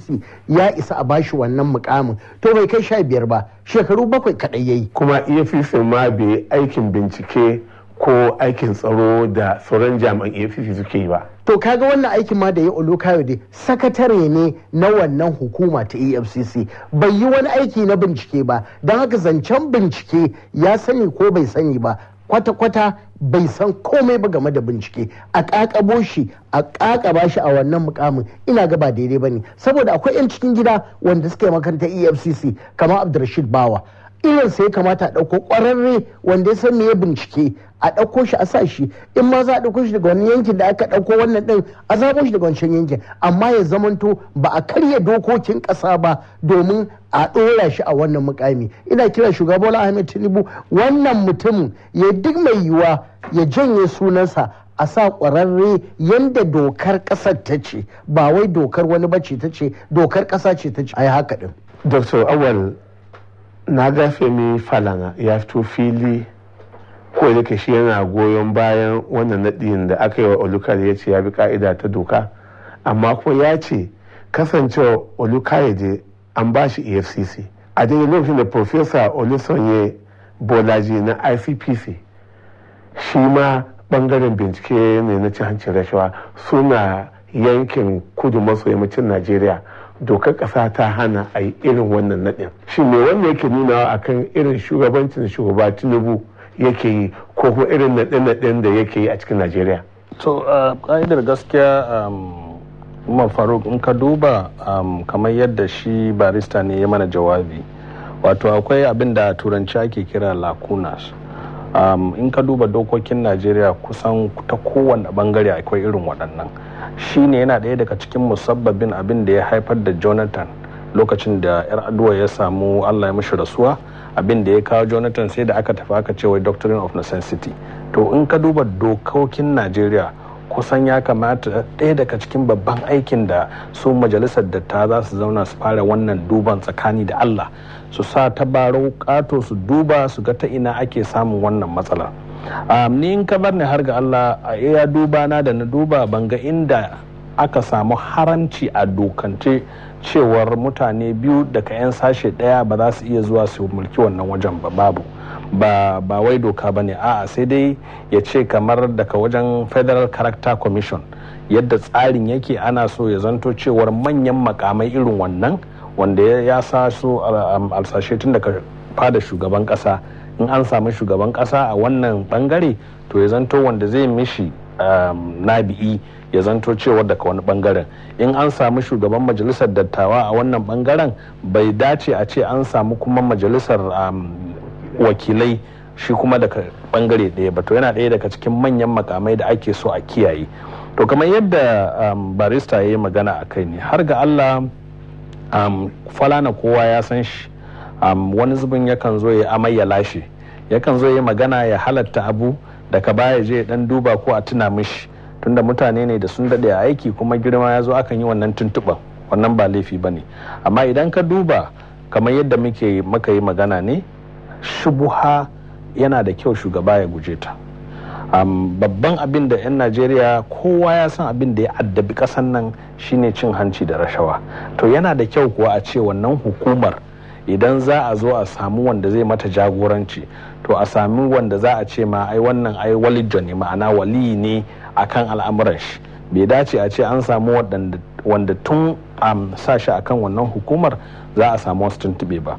ncc ya isa a bashi wannan mukamin to bai kai sha biyar ba shekaru bakwai kaɗai yayi. kuma efcc ma bai aikin bincike ko aikin tsaro da sauran jami'an efcc suke yi ba to kaga wannan aikin ma da ya olokayode sakatare ne na wannan hukuma ta efcc bai yi wani aiki na bincike ba don haka zancen bincike ya sani ko bai sani ba kwata-kwata bai san komai ba game da bincike a kakabo shi a kakaba shi a wannan mukamin ina gaba daidai ba ne saboda akwai 'yan cikin gida wanda suke makaranta efcc kamar abdulrashid bawa irin sai kamata a ɗauko ƙwararre wanda ya san me ya bincike a ɗauko shi a sa shi in ma za a ɗauko shi daga wani yankin da aka ɗauko wannan ɗin a zaɓo shi daga wancan yankin amma ya zamanto ba a karya dokokin ƙasa ba domin a ɗora shi a wannan mukami ina kira shugaba bola ahmed tinubu wannan mutumin ya duk mai yiwuwa ya janye sunansa a sa ƙwararre yadda dokar ƙasar ta ce ba wai dokar wani bace ta ce dokar ƙasa ce ta ce a yi haka ɗin. Dr. Awal na-agafe falana ya fito fili ko da ke shi yana goyon bayan wannan naɗin da aka yi wa olukare ya ce ya bi ka'ida ta doka amma kuma ya ce kasancewa olukare an ba shi efcc a daidai lokacin da profesa olusanye bolaji na icpc shi ma bangaren bincike ne na ci hancin rashawa suna yankin kudu maso yammacin najeriya dokar ƙasa ta hana a yi irin wannan naɗin shi ne wanda yake nunawa akan irin shugabancin shugaba tinubu yake yi ko kuma irin naɗe-naɗen da yake yi a cikin najeriya to ƙa'idar gaskiya um, umar faruk in ka duba um, kamar yadda shi barista ne ya mana jawabi wato akwai abin da turanci ake kira lacunas um, in ka duba dokokin najeriya kusan ta kowane bangare akwai irin waɗannan shi ne yana ɗaya daga cikin musabbabin abin da ya haifar da jonathan lokacin da yar aduwa ya samu allah ya mishi rasuwa abin da ya kawo jonathan sai da aka tafi aka cewa doctrine of necessity to in ka duba dokokin najeriya kusan ya kamata ɗaya daga cikin babban aikin da su majalisar datta za su zauna su fara wannan duban tsakani da allah su sa ta tabarau ƙato su duba su ga ta ina ake samun wannan matsala ni in ka bar ni har ga allah a iya duba na da na duba ban ga inda aka samu haramci a dokance cewar mutane biyu daga 'yan sashe ɗaya ba za su iya zuwa su mulki wannan wajen ba babu ba ba wai doka ba ne a'a sai dai ya ce kamar daga wajen federal character commission yadda tsarin yake ana so ya zanto cewar manyan makamai irin wannan wanda ya sa so um, alsashe tun daga fada shugaban kasa in an samu shugaban kasa a wannan bangare to ya zanto wanda zai mishi um, nabi'i ya zanto cewar daga wani bangaren in an samu shugaban majalisar dattawa a wannan bangaren bai dace a ce an samu kuma majalisar um, wakilai shi kuma daga bangare ɗaya ba to yana ɗaya daga cikin manyan makamai da ake so a kiyaye to kamar yadda um, barista ya yi magana a kai ne har ga allah um, falana kowa ya san shi um, wani zubin yakan zo ya amai ya lashe yakan zo ya magana ya halatta abu daga baya je dan duba ko a tuna mishi tunda mutane ne da sun daɗe a aiki kuma girma ya zo akan yi wannan tuntuɓa wannan ba laifi ba ne amma idan ka duba kamar yadda muke maka yi magana ne shubuha yana da kyau shugaba ya guje ta um, babban abin da 'yan najeriya kowa ya san abin da ya addabi ƙasan nan shine cin hanci da rashawa to yana da kyau kuwa a ce wannan hukumar idan za a zo a samu wanda zai mata jagoranci to a sami wanda za a ce ma ai wannan ai walijo ne ma'ana wali ne akan al'amuran shi bai dace a ce an samu wanda tun um, sa shi akan wannan hukumar za a samu wasu tuntube ba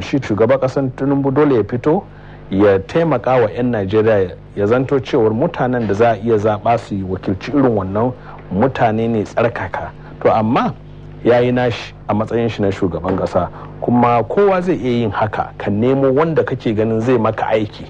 shi shugaban kasan tinubu dole ya fito ya taimaka wa 'yan najeriya ya zanto cewar mutanen da za a iya zaɓa su yi wakilci irin wannan mutane ne tsarkaka to amma ya yi nashi a matsayin shi na shugaban ƙasa kuma kowa zai iya yin haka ka nemo wanda kake ganin zai maka aiki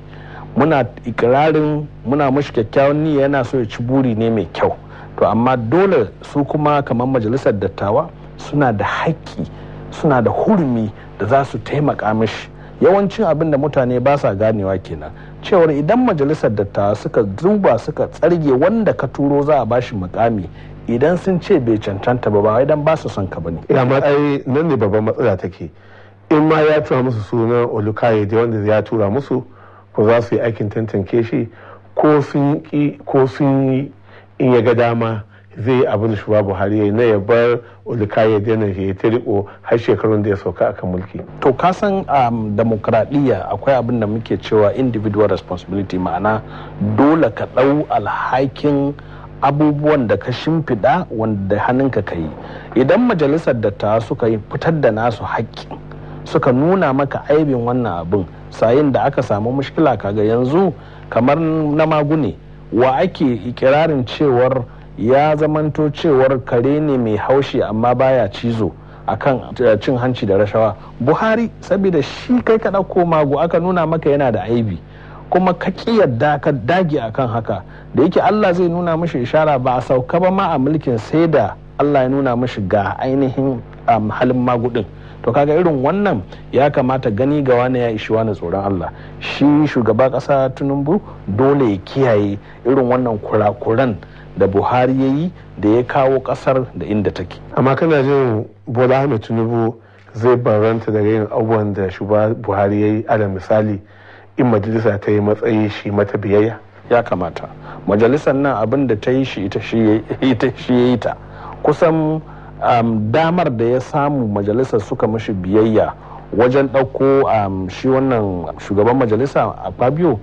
muna ikirarin muna mashi kyakkyawan niyya yana so ya ci buri ne mai kyau to amma dole su kuma kamar majalisar dattawa suna da haƙƙi suna da hurumi da za su taimaka mishi yawancin abin da mutane ba sa ganewa kenan cewar idan majalisar dattawa suka zuba suka tsarge wanda ka turo za a bashi mukami idan sun ce bai cancanta ba ba idan ba su son ka bane ya ma ai nan ne babban matsala take in ma ya tura musu sunan olukaye da wanda ya tura musu ko za su yi aikin tantance shi ko sun yi in ya ga dama zai yi abin shugaba buhari ya yi na ya bar olika ya daina ta riko har shekarun da ya sauka akan mulki to ka san um, demokradiyya akwai abin da muke cewa individual responsibility ma'ana dole ka ɗau alhakin abubuwan da ka shimfiɗa wanda hannunka ka yi idan majalisar da ta suka yi fitar da nasu haƙƙi suka nuna maka aibin wannan abin sayin da aka samu mushkila kaga yanzu kamar na magune wa ake ikirarin cewar ya zamanto cewar kare ne mai haushi amma baya cizo akan eh, cin hanci da rashawa buhari saboda shi kai kada ko mago aka nuna maka yana da aibi kuma ka ƙi yadda ka dage akan haka da yake allah zai nuna mishi ishara ba a sauka ba ma a mulkin sai da allah ya nuna mishi ga ainihin um, halin magudin to kaga irin wannan ya kamata gani ga wani ya ishi wani tsoron Allah shi shugaba ƙasa Tinubu dole ya kiyaye irin wannan kurakuran da buhari ya yi da ya kawo kasar da inda take amma kana jin bola ahmed tinubu zai baranta daga yin abubuwan da shugaba buhari ya yi ala misali in majalisa ta yi matsayi shi mata biyayya ya kamata majalisar nan abin da ta yi shi ita shi ya yi ta kusan um, damar da ya samu majalisar suka mashi biyayya wajen ɗauko um, shi wannan shugaban majalisa a fabio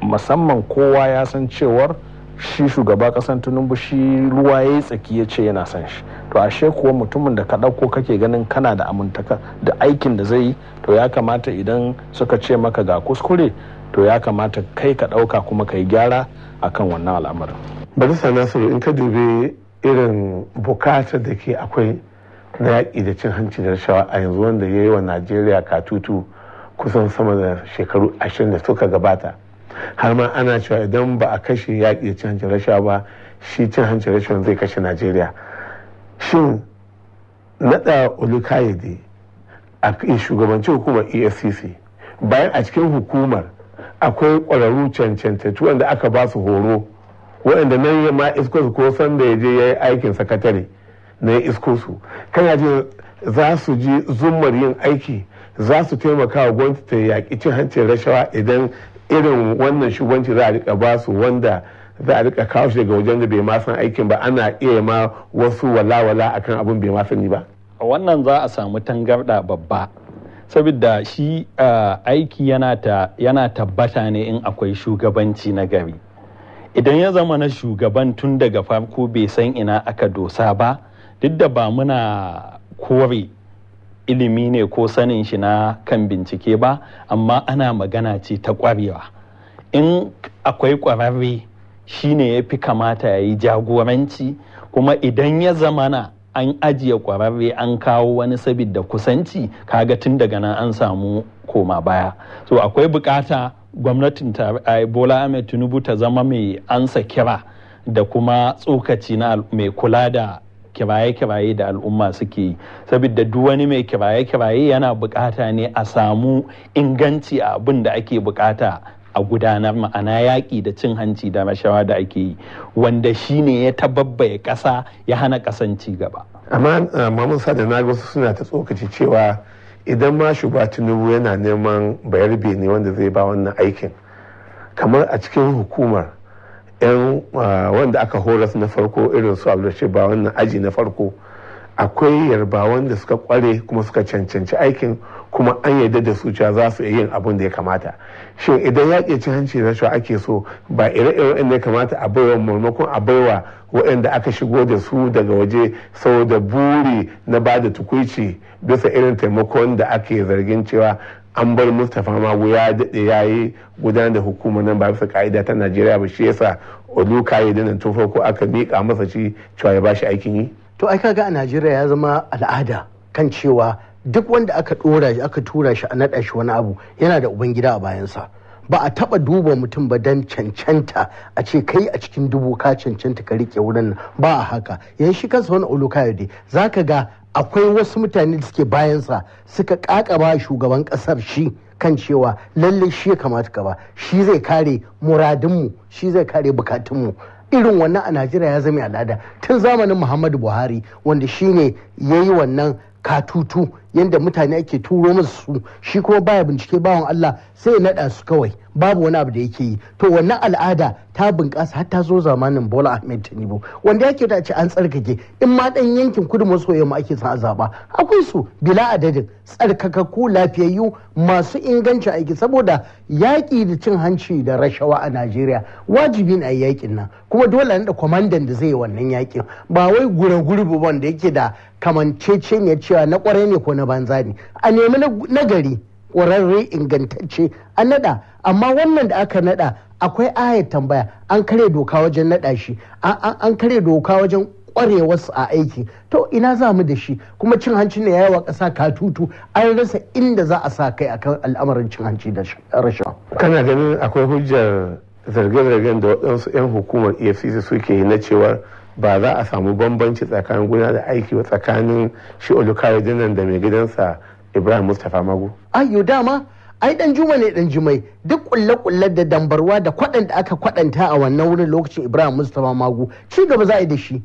musamman kowa ya san cewar shi shugaba kasan tinubu shi ruwa ya tsaki ya ce yana san shi to ashe kuwa mutumin da ka ɗauko kake ganin kana da amintaka da aikin da zai yi to ya kamata idan suka ce maka ga kuskure to ya kamata kai ka ɗauka kuma ka yi gyara akan wannan al'amarin bari nasiru in ka dubi irin bukatar da ke akwai na yaƙi da cin hanci da rashawa a yanzu wanda ya yi wa najeriya katutu kusan sama da shekaru ashirin da suka gabata har ma ana cewa idan ba a kashe yaƙi cin hanci rasha ba shi cin hanci rashin zai kashe najeriya shin naɗa olukayede a shugabancin hukumar efcc bayan a cikin hukumar akwai ƙwararru cancantattu wanda aka ba su horo waɗanda nan ya ma isko ko sanda ya je ya yi aikin sakatare na isko su kana ji za su ji zummar yin aiki za su taimaka wa gwamnati ta yaƙi cin hancin rashawa idan irin wannan shugabanci za a rika ba su wanda za a rika kawo shi daga wajen da bai ma san aikin ba ana iya ma wasu wala walawala akan abin bai ma sani ba wannan za a samu tangarda babba saboda shi aiki yana tabbata ne in akwai shugabanci na gari idan ya zama na shugaban tun daga farko bai san ina aka dosa ba duk da ba muna kore ilimi ne ko sanin shi na kan bincike ba amma ana magana ce ta ƙwarewa in akwai ƙwararre shi ne ya fi kamata ya yi jagoranci kuma idan ya zamana an ajiye ƙwararre an kawo wani sabida kusanci kaga tun daga nan an samu koma baya so akwai bukata gwamnatin eh, bola ahmed tinubu ta zama mai ansa kira da kuma tsokaci na mai kula da kiraye-kiraye da al'umma suke yi saboda duk wani mai kiraye-kiraye yana bukata ne a samu inganci a abin da ake bukata a gudanar ma'ana yaƙi da cin hanci da rashawa da ake yi wanda shi ne ya tababbaye ƙasa ya hana ƙasan ci gaba. amma eh, mamun sada na wasu suna ta tsokaci cewa idan ma shugaba tinubu yana neman bayar ne wanda zai ba wannan aikin kamar a cikin hukumar yan ah, wanda aka horas na farko irin su abdulrashid ba wannan aji na farko akwai yarbawan da suka kware kuma suka cancanci aikin kuma an yarda da su cewa za su yin abin da ya kamata shin idan ya cin hanci shi ake so ba ire-iren inda ya kamata a baiwa maimakon a baiwa waɗanda aka shigo da su daga waje saboda buri na bada da tukuici bisa irin taimakon da ake zargin cewa an bar mustapha mago ya daɗe ya yi gudanar da hukumar nan ba bisa ka'ida ta najeriya ba shi yasa oluka ya dinan tun farko aka miƙa masa shi cewa ya bashi aikin yi to ai kaga a najeriya ya zama al'ada kan cewa duk wanda aka ɗora shi aka tura shi a naɗa shi wani abu yana da ubangida a bayansa ba a taba duba mutum ba dan cancanta a ce kai a cikin dubu ka cancanta ka rike wurin ba a haka yan shi kansa wani olukayode za ka ga akwai wasu mutane da suke bayansa suka kakaba shugaban kasar shi kan cewa lalle shi ya kamata ka ba shi zai kare muradinmu shi zai kare bukatunmu irin wannan a najeriya ya zama al'ada tun zamanin muhammadu buhari wanda shine ya yi wannan katutu yadda mutane ake turo musu su shi kuma baya bincike bawan Allah sai naɗa su kawai babu wani abu da yake yi to wannan al'ada ta bunƙasa har ta zo zamanin Bola Ahmed Tinubu wanda yake da ce an tsarkake in ma dan yankin kudu maso yamma ake sa a zaba akwai su bila adadin tsarkakakku lafiyayyu masu inganci aiki saboda yaƙi da cin hanci da rashawa a Najeriya wajibi ne a yaƙin nan kuma dole ne da kwamandan da zai yi wannan yaƙin ba wai gure gurbi wanda yake da ne cewa na kwarai ne ko na na banza ne a nemi nagari ƙwararre ingantacce an naɗa amma wannan da aka naɗa akwai ayat tambaya an kare doka wajen naɗa shi an kare doka wajen ƙwarewarsu a aiki to ina za mu da shi kuma cin hanci ne yawa ƙasa katutu an rasa inda za a sa kai akan al'amarin cin hanci da rashawa kana ganin akwai hujjar zarge-zargen da waɗansu 'yan hukumar efcc suke yi na cewa ba za a samu bambanci tsakanin gona da aiki ba tsakanin shi olukari jinan da mai gidansa ibrahim mustapha magu ayo dama ai dan juma ne dan jumai duk kulle kulle da dambarwa da kwaɗan da aka kwaɗanta a wannan wurin lokacin ibrahim mustapha magu ci gaba za a yi da shi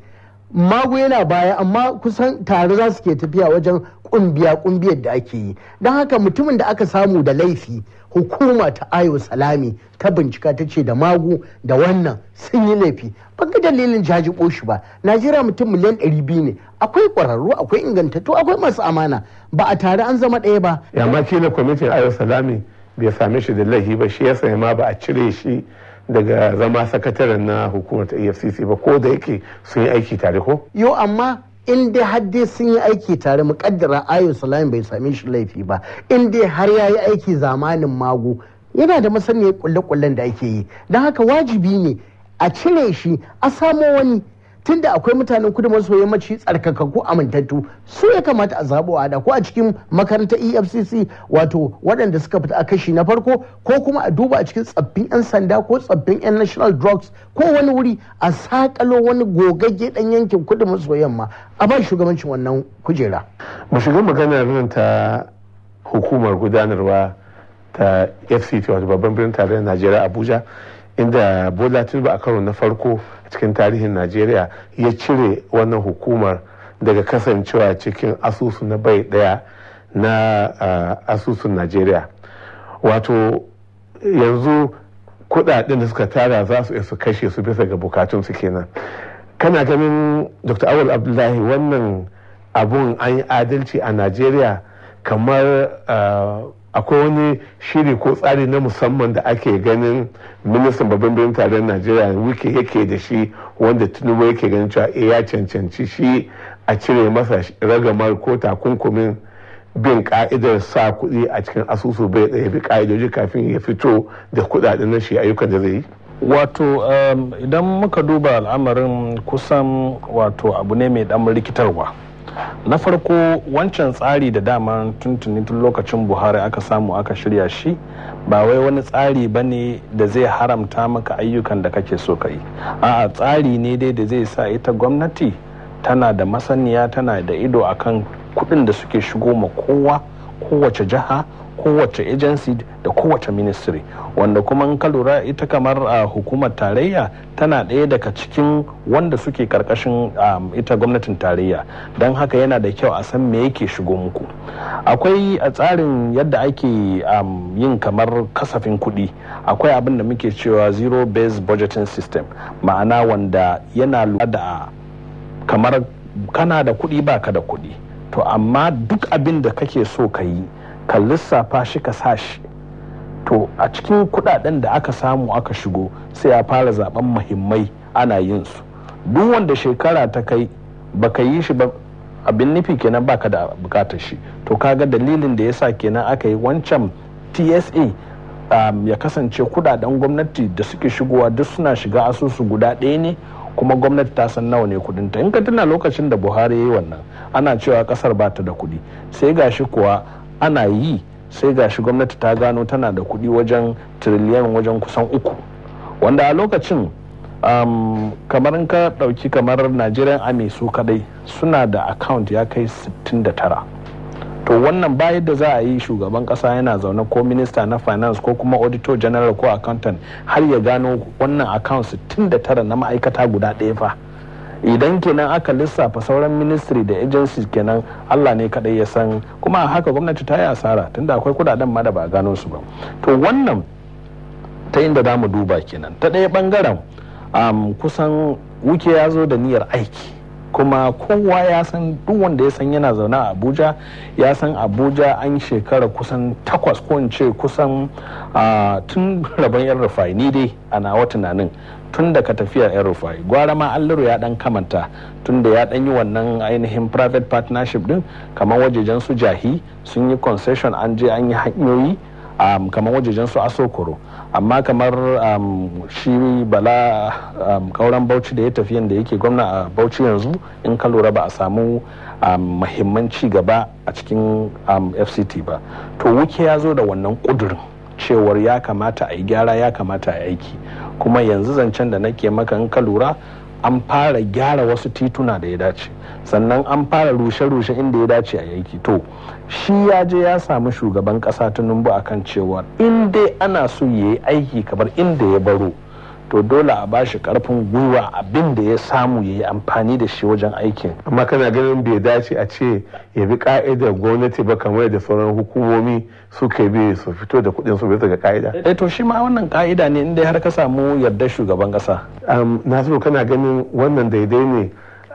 mago yana baya amma kusan tare za su ke tafiya wajen kumbiya kumbiyar da ake yi don haka mutumin da aka samu da laifi hukuma ta ayo salami ta bincika ta ce da magu da wannan sun yi laifi ban dalilin jaji shi ba najeriya mutum miliyan 200 ne akwai kwararru akwai ingantattu akwai masu amana ba a tare an zama ɗaya ba yamma na kwamitin ayo salami bai same shi da laifi ba shi ya ma ba a cire shi daga zama sakataren na hukumar efcc ba ko da yake sun yi aiki tare ko yo amma in dai har dai sun yi aiki tare mukaddara ayo salamin bai sami shi laifi ba in dai har ya yi aiki zamanin mago yana da masaniyar kulle-kullen da ake yi don haka wajibi ne a cire shi a samo wani tun da akwai mutanen kudu maso yammaci tsarkakakku amintattu su ya kamata a zabo a da ko a cikin makarantar efcc wato waɗanda suka fita a kashi na farko ko kuma a duba a cikin tsaffin 'yan sanda ko tsaffin 'yan national drugs ko wani wuri a sakalo wani gogagge dan yankin kudu maso yamma a ba shugabancin wannan kujera. mu shiga maganar nan ta hukumar gudanarwa ta fct wato babban birnin tarayyar najeriya abuja inda bola tinubu a karo na farko cikin tarihin najeriya ya cire wannan hukumar daga kasancewa cikin asusu na bai daya na uh, asusun najeriya wato yanzu kudaden da suka tara za su su kashe su bisa ga bukatunsu kenan kana ganin dr awal abdullahi wannan abun an yi adalci a najeriya kamar uh, akwai wani shiri ko tsari na musamman da ake ganin ministan babban birnin tarayyar najeriya wike yake da shi wanda tinubu yake ganin cewa e ya cancanci shi a cire masa ragamar ko takunkumin bin ka'idar sa kuɗi a cikin asusu bai ɗaya bi ka'idoji kafin ya fito da kuɗaɗen na shi ayyukan da zai yi wato um, idan muka duba al'amarin kusan wato abu ne mai dan rikitarwa na farko wancan tsari da dama tuntuni tun lokacin buhari aka samu aka shirya shi ba wai wani tsari ba ne da zai haramta maka ayyukan da kake so ka yi a'a tsari ne dai da zai sa ita gwamnati tana da masaniya tana da ido akan kuɗin da suke shigo ma kowa kowace jiha kowace agency da kowace ministry wanda kuma ka lura ita kamar a ah, hukumar tarayya tana ɗaya daga cikin wanda suke karkashin ah, ita gwamnatin tarayya don haka yana da kyau a san me yake shigo muku akwai a tsarin yadda ake yin kamar kasafin kuɗi akwai abin da muke cewa zero based budgeting system ma'ana wanda yana lura da kamar kana da kuɗi baka da kuɗi to amma duk abin da kake so ka yi ka lissafa shi ka sa shi to a cikin kudaden da aka samu aka shigo sai a fara zaben muhimmai ana yin su duk wanda shekara ta kai baka yi shi ba abin nufi kenan baka da bukatar shi to kaga dalilin da yasa kenan aka yi wancan tsa um, ya kasance kudaden gwamnati da suke shigowa duk suna shiga asusu guda ɗaya ne kuma gwamnati ta san nawa ne ta in ka tuna lokacin da buhari ya yi wannan ana cewa kasar ba ta da kudi sai gashi kuwa ana yi sai gashi gwamnati ta gano tana da kuɗi wajen triliyan wajen kusan uku wanda a lokacin um, kamar ka ɗauki kamar nigerian army su kadai suna da account ya kai 69 to wannan bayan da za a yi shugaban kasa yana zaune ko minista na finance ko kuma auditor general ko accountant har ya gano wannan account 69 na ma'aikata guda ɗaya fa idan kenan aka lissafa sauran ministry da agency kenan allah ne kadai ya san kuma a haka gwamnati ta yi asara tunda akwai kudaden ma da ba gano su ba to wannan ta inda za mu duba kenan ta ɗaya bangaren kusan wuke ya zo da niyyar aiki kuma kowa ya san duk wanda ya san yana zaune a abuja ya san abuja an shekara kusan takwas ko ce kusan tun rabon yan rufai ni dai a nawa tunanin tun daga tafiyar yan rufai gwara ma alluru ya dan kamanta tun da ya dan yi wannan ainihin private partnership din kamar wajejen su jahi sun yi concession an je an yi hanyoyi um, kamar wajejen su asokoro amma kamar um, shi bala um, kauran bauchi da ya tafi yadda yake gwamna a bauchi yanzu in ka lura ba a samu um, mahimman gaba a cikin um, fct ba to wuke ya zo da wannan kudurin cewar ya kamata a yi gyara ya kamata a aiki kuma yanzu zancen da nake maka in ka lura an fara gyara wasu tituna da ya dace sannan an fara rushe-rushe inda ya dace a yanki to shi ya je ya samu shugaban kasa tunumbu kan cewa in dai ana so ya yi aiki kamar inda ya baro to dole a bashi karfin gwiwa abin da ya samu ya yi amfani da shi wajen aikin amma kana ganin bai dace a ce ya bi ka'idar gwamnati ba kamar da sauran hukumomi suke bi su fito da kuɗin su bai daga ka'ida eh to shi ma wannan ka'ida ne inda har ka samu yarda shugaban ƙasa nasiru kana ganin wannan daidai ne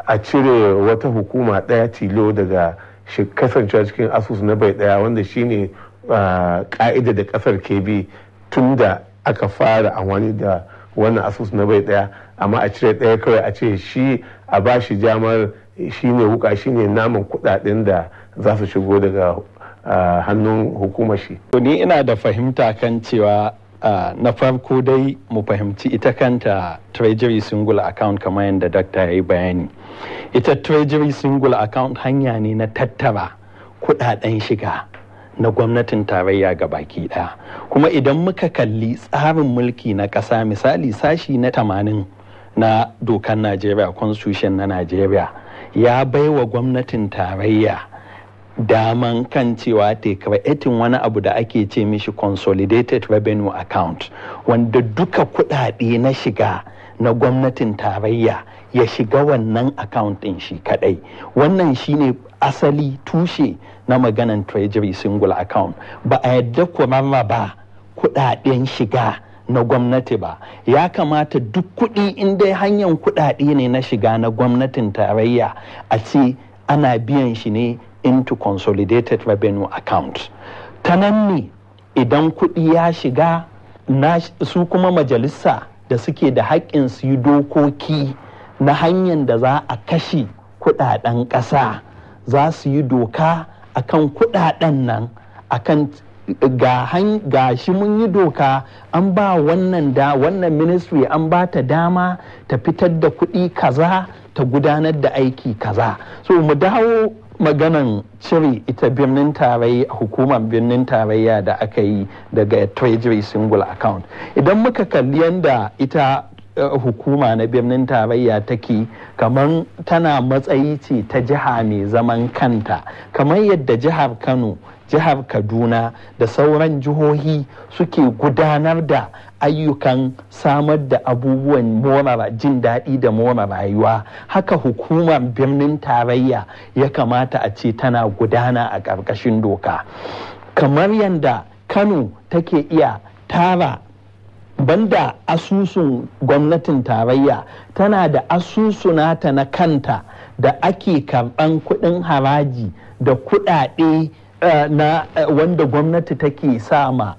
a cire wata hukuma ɗaya tilo daga shi kasancewa cikin asusu na bai ɗaya wanda shine ka'ida ah, da kasar ke bi tunda aka fara amfani da wannan asus na bai daya amma a cire daya kawai a ce shi a ba shi jamar shi ne wuka shi ne naman kudaden da za su shigo daga hannun hukumar shi ni ina da fahimta kan cewa na farko dai mu fahimci ita kanta treasury single account kamar yadda dakta ya yi bayani ita treasury single account hanya ne na tattara kudaden shiga na gwamnatin tarayya ga baki ɗaya kuma idan muka kalli tsarin mulki na ƙasa misali sashi na tamanin na dokan najeriya constitution na najeriya ya baiwa gwamnatin tarayya daman kan cewa ta creating wani abu da ake ce mishi consolidated revenue account wanda duka kuɗaɗe na shiga na gwamnatin tarayya ya shiga wannan account ɗin shi kadai wannan shine asali tushe na maganan treasury single account ba a yadda kuma ba kudaden shiga na gwamnati ba ya kamata duk kuɗi in dai hanyar kuɗaɗe ne na shiga na gwamnatin tarayya a ce ana biyan shi ne into consolidated revenue account ta nan ne idan kuɗi ya shiga su kuma majalisa da suke da haƙƙin su yi dokoki na hanyar da za a kashe kudaden ƙasa za su yi doka akan kudaden nan akan ga shi mun yi doka an ba wannan da wannan ministry an ba ta dama ta fitar da kuɗi kaza ta gudanar da aiki kaza so mu dawo maganan cire ita birnin tarayya hukumar birnin tarayya da aka yi daga treasury single account idan muka kalli yadda ita hukuma na birnin tarayya take kamar tana matsayi ce ta jiha mai zaman kanta kamar yadda jihar kano jihar kaduna da sauran jihohi suke gudanar da ayyukan samar da abubuwan morara jin daɗi da mora rayuwa haka hukumar birnin tarayya ya kamata a ce tana gudana a ƙarƙashin doka kamar yadda kano take iya tara banda asusun gwamnatin tarayya tana da asusunata na kanta da ake karɓan kuɗin haraji da kuɗaɗe uh, na uh, wanda gwamnati take sama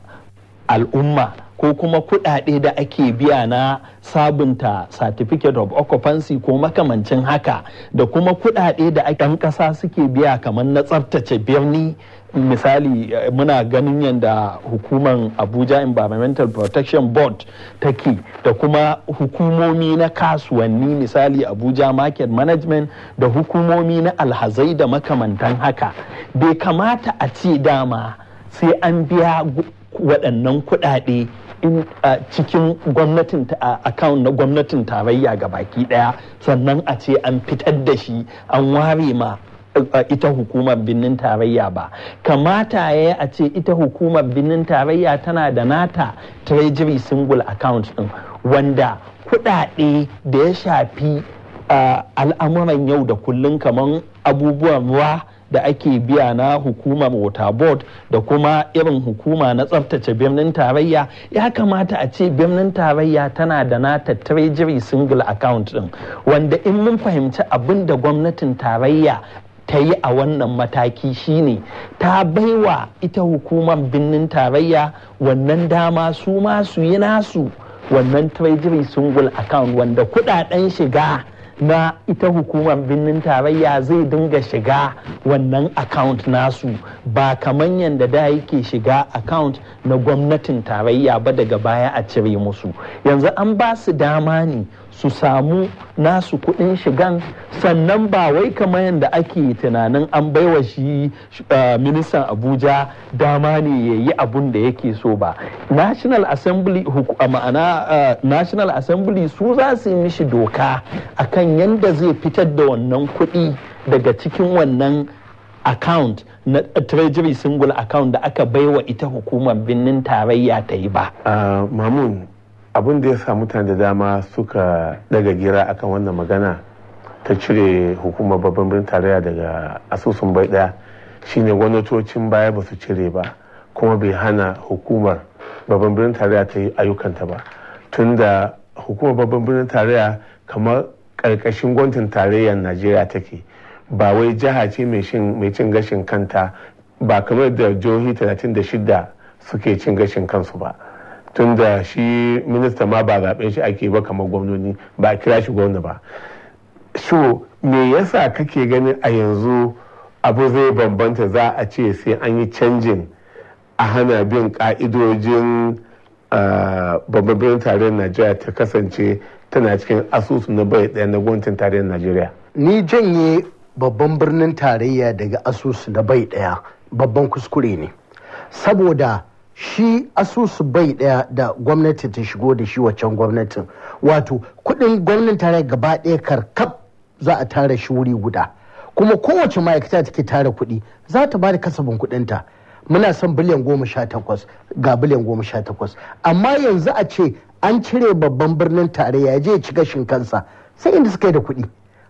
al'umma ko kuma kuɗaɗe da ake biya na sabunta certificate of occupancy ko makamancin haka da kuma kuɗaɗe da ɗan ƙasa suke biya kamar na tsabtace birni misali eh, muna ganin yadda hukumar abuja environmental protection board take da kuma hukumomi na kasuwanni misali abuja market management da hukumomi na alhazai da makamantan haka bai kamata a ce dama sai an biya waɗannan kuɗaɗe cikin gwamnatin a account na gwamnatin tarayya ga baki ɗaya. sannan a ce an fitar da shi an ware ma ita hukumar birnin tarayya ba kamata ya a ce ita hukumar birnin tarayya tana da nata treasury single account din wanda kudade da ya shafi al'amuran yau da kullun kamar abubuwan ruwa da ake biya na hukumar water board da kuma irin hukuma na tsaftace birnin tarayya ya kamata a ce birnin tarayya tana da nata treasury single account din wanda in mun fahimci abin da gwamnatin tarayya ta yi a wannan mataki shine ta baiwa ita hukumar birnin tarayya wannan dama su ma su yi nasu wannan treasury single account wanda kudaden shiga na ita hukumar birnin tarayya zai dinga shiga wannan account nasu ba kamar yadda da yake shiga account na gwamnatin tarayya ba daga baya a cire musu yanzu an ba su dama ne su samu nasu kuɗin shigan sannan ba wai kamar yadda ake tunanin an baiwa shi eh, ministan abuja dama ne ya yi abun da yake so ba national assembly ma'ana eh, national assembly su za su yi mishi doka akan yadda zai fitar da wannan kuɗi daga cikin wannan account na eh, treasury single account da aka baiwa ita hukumar birnin tarayya ta yi ba ah, mamun abin da ya sa mutane da dama suka daga gira akan wannan magana ta cire hukumar babban birnin tarayya daga asusun bai daya shine gwamnatocin baya ba su cire ba kuma bai hana hukumar babban birnin tarayya ta yi ayyukanta ba tun da hukumar babban birnin tarayya kamar karkashin gwamnatin tarayyar najeriya take ba wai jiha ce mai cin gashin kanta ba kamar da jihohi 36 suke cin gashin kansu ba tunda shi minista ma ba zaɓe shi ake ba kamar gwamnoni ba a kira shi gwamna ba so me yasa kake ganin a yanzu abu zai bambanta za a ce sai an yi canjin a hana bin ka'idojin babban tarayyar najeriya ta kasance tana cikin asusu na bai daya na gwamnatin tarayyar najeriya ni janye babban birnin tarayya daga asusu na bai daya babban kuskure ne saboda shi asusu bai daya da gwamnati ta shigo da shi waccan gwamnatin wato kudin gwamnatin tare gaba daya karkab za a tara shi wuri guda kuma kowace ma'aikata take tara kuɗi za ta ba da kasafin kuɗinta muna son biliyan goma sha takwas ga biliyan goma sha takwas amma yanzu a ce an cire babban birnin tarayya je ci gashin kansa sai inda suka yi da kuɗi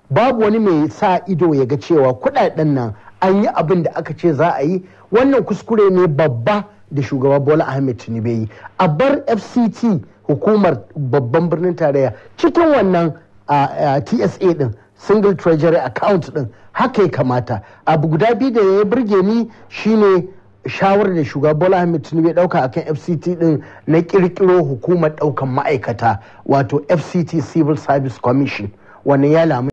babu wani mai sa ido ya ga cewa kuɗaɗen nan an yi abin da aka ce za a yi wannan kuskure ne babba da shugaba bola ahmed tinubu yi a bar fct hukumar babban birnin tarayya cikin wannan tsa din single treasury account din haka ya kamata abu guda biyu da ya birge ni shine shawarar da shugaba bola ahmed tinibe dauka akan fct din na kirkiro hukumar daukan ma'aikata wato fct civil service commission wannan ya lamu